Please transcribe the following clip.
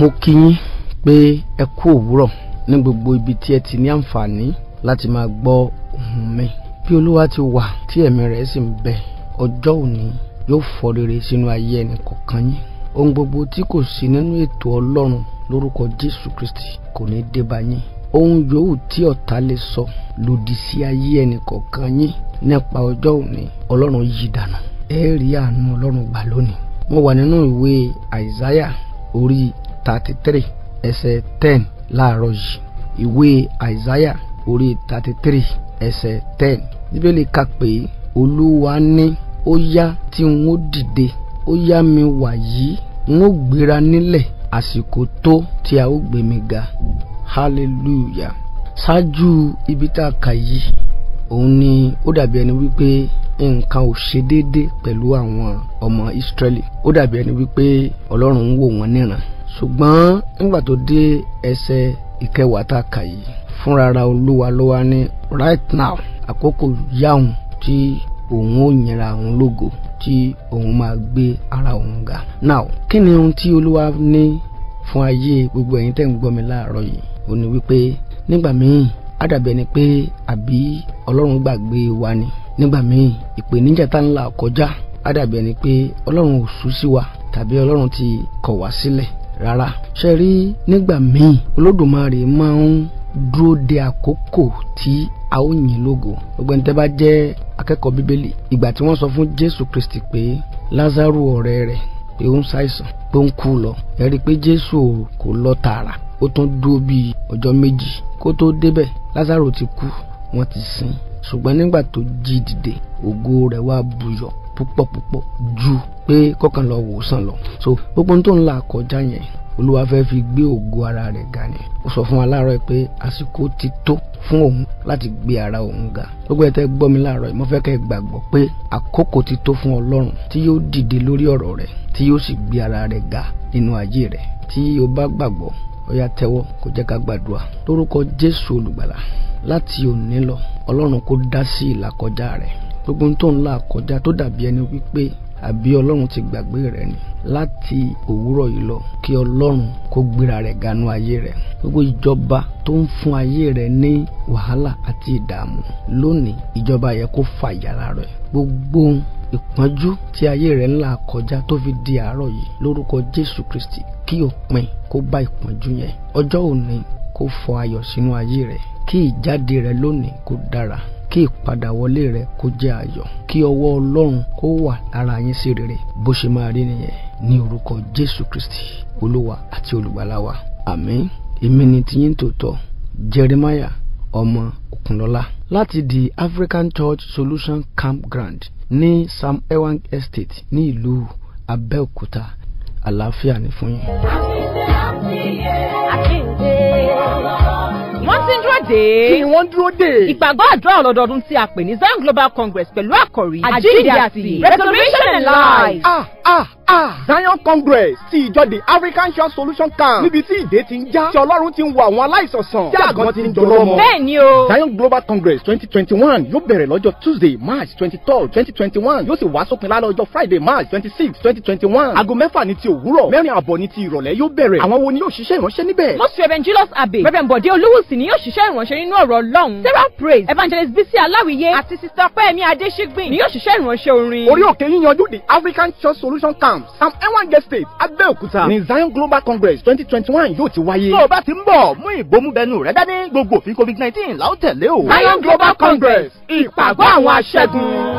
mo kí yín pé ẹ kú òwúrọ̀ ní gbogbo ibi tí ẹ ti ní àǹfààní láti máa gbọ́ ohùn mi bí olúwa ti wà tí ẹ̀mí rẹ̀ sì ń bẹ ọjọ́ òní yóò fọ rere sínú ayé ẹnì kọ̀ọ̀kan yín ohun gbogbo tí kò sí nínú ètò ọlọ́run lórúkọ jésù kristi kò ní dé yín ohun yòówù tí ọ̀tá lè sọ lòdì sí ayé ẹnì kọ̀ọ̀kan yín nípa ọjọ́ òní ọlọ́run yí dànù ẹ rí àánú ọlọ́run gbà lónìí mo wà nínú ìwé àìsáyà orí thirty three ẹsẹ̀ ten láàárọ̀ yìí ìwé Isaiah, orí thirty three ẹsẹ̀ ten bíbélì kà pé olúwa ní ó yá tí n ó dìde ó yá mi wà yìí n ó gbéra nílẹ̀ àsìkò tó tí a ó gbé mi ga hallelujah ṣáájú ibi tá a kà yìí òun ni ó dàbí ẹni wípé nǹkan ò ṣe déédé pẹ̀lú àwọn ọmọ Ísírẹ́lì ó dàbí ẹni wípé Ọlọ́run ń wò wọ́n níran ṣùgbọ́n nígbà tó dé ẹsẹ̀ ìkẹwàá tá a kà yìí fúnrara olúwa ló wá ní right now àkókò yáhùn tí òun ò yẹra òun lógo tí òun máa gbé ara òun ga now kí ni ohun tí olúwa ní fún ayé gbogbo ẹ̀yin tẹ́ ń gbọ́ mi láàárọ̀ yìí ó ní wípé nígbà míì á dàbí ẹni pé àbí ọlọ́run gbàgbé wa ni nígbà míì ìpèníjà tá ń kọjá á dàbí pé ọlọ́run ò sú sí wa tàbí ọlọ́run ti kọ̀ wá sílẹ̀ rárá ṣe rí nígbà míì olódùmarè máa ń dúró de àkókò tí a ó yìn lógo ọ̀gbẹ́ni tẹ́ bá jẹ́ akẹ́kọ̀ọ́ bíbélì ìgbà tí wọ́n sọ fún jésù kristi pé lázaro ọ̀rẹ́ rẹ̀ pé ó ń ṣàìsàn pé ó ń kú lọ ẹ rí i pé jésù kò lọ tààrà ó tún dúró bíi ọjọ́ méjì kó tó débẹ̀ lázaro ti kú wọ́n ti sin ṣùgbọ́n nígbà tó jí dìde ògo rẹ̀ wá buyọ̀ púpọ̀ púpọ̀ ju pé kọ́kàn lọ wòsàn lọ so gbogbo tó ń là kọjá yẹn olúwa fẹ́ fi gbé ògo ara rẹ̀ ga ni ó sọ fún wa láàárọ̀ pé àsìkò ti tó fún òun láti gbé ara òun ga gbogbo ẹ̀ tẹ́ gbọ́ mi láàárọ̀ mo fẹ́ kẹ́ gbàgbọ́ pé àkókò ti tó fún ọlọ́run tí yóò dìde lórí ọ̀rọ̀ rẹ̀ tí yóò sì gbé ara rẹ̀ ga nínú ayé rẹ̀ tí o bá gbàgbọ́ ó tẹ́wọ́ kó jẹ́ ká gbàdúrà lórúkọ jésù olùgbàlà láti òní lọ ọlọ́run kó dá sí ìlàkọjá rẹ̀ gbogbo tó ń là kọjá tó dàbí ẹni wípé àbí ọlọ́run ti gbàgbé rẹ ni láti òwúrọ̀ yìí lọ kí ọlọ́run kó gbéra rẹ̀ ganu ayé rẹ̀ gbogbo ìjọba tó ń fún ayé rẹ̀ ní wàhálà àti ìdààmú lónìí ìjọba yẹ kó fàyàrá rẹ̀ gbogbo ìpọ́njú tí ayé rẹ̀ ń kọjá tó fi di àárọ̀ yìí lórúkọ jésù kristi kí òpin kó bá ìpọ́njú yẹn ọjọ́ òní kó fọ ayọ̀ sínú ayé rẹ̀ kí ìjáde rẹ̀ lónìí kó dára kí ìpadàwọlé rẹ kó jẹ́ ayọ̀ kí ọwọ́ ọlọ́run kó wà lára yín sí rere bó ṣe máa rí nìyẹn ní orúkọ jésù kristi olúwa àti olùgbàlà wa èmi ni tiyín tòótọ́ jeremiah ọmọ òkúnlọ́lá láti di african church solution campground ní sam ewang estate ní ìlú abẹ́òkúta àlàáfíà ni fún yín. àfihàn àfihàn àfihàn dé. kí wọ́n dúró dé. ìpàgọ́ àdúrà ọlọ́dọọdún tí a pè ní Zion Global Congress pẹ̀lú àkòrí àjíǹde àti restoration and lies. Ah! ah ah zion congress ti ìjọ the african church solution camp níbi tí ìdè ti ń já tí ọlọ́run ti ń wo àwọn aláìsọ̀sàn tí àgàn ti ń jọrọ mọ́. bẹ́ẹ̀ o. zion global congress twenty twenty one yóò bẹ̀rẹ̀ lọ́jọ́ tuesday march twenty third twenty twenty one yóò sì wá sópin lálẹ́ ọjọ́ friday march twenty six twenty twenty one aago mẹ́fà ni ti òwúrọ̀ mẹ́rin àbọ̀ ni ti ìrọ̀lẹ́ yóò bẹ̀rẹ̀ àwọn wo ni yóò ṣiṣẹ́ ìránṣẹ́ níbẹ̀. mọ́sù evangelos abe reverend bọ̀dé olúwùsì ni yóò ṣiṣẹ́ ìránṣẹ́ nínú ọ̀rọ̀ ọlọ́run sarah praise evangelist bisi aláwìyé àti sister fẹ́mi adéṣígbìn ni yóò ṣiṣẹ́ ìránṣẹ́ orin. orí òkè yíyanjú the african church solution solution camp sam ewan gate state abẹ́òkúta ní zion global congress twenty twenty one yóò ti wáyé. tó o bá ti ń bọ̀ mú ìbomúbẹnu rẹ dání gbogbo òfin covid 19 la ó tẹ̀lé o. zion global congress ìpàgọ́ àwọn aṣẹ́gun.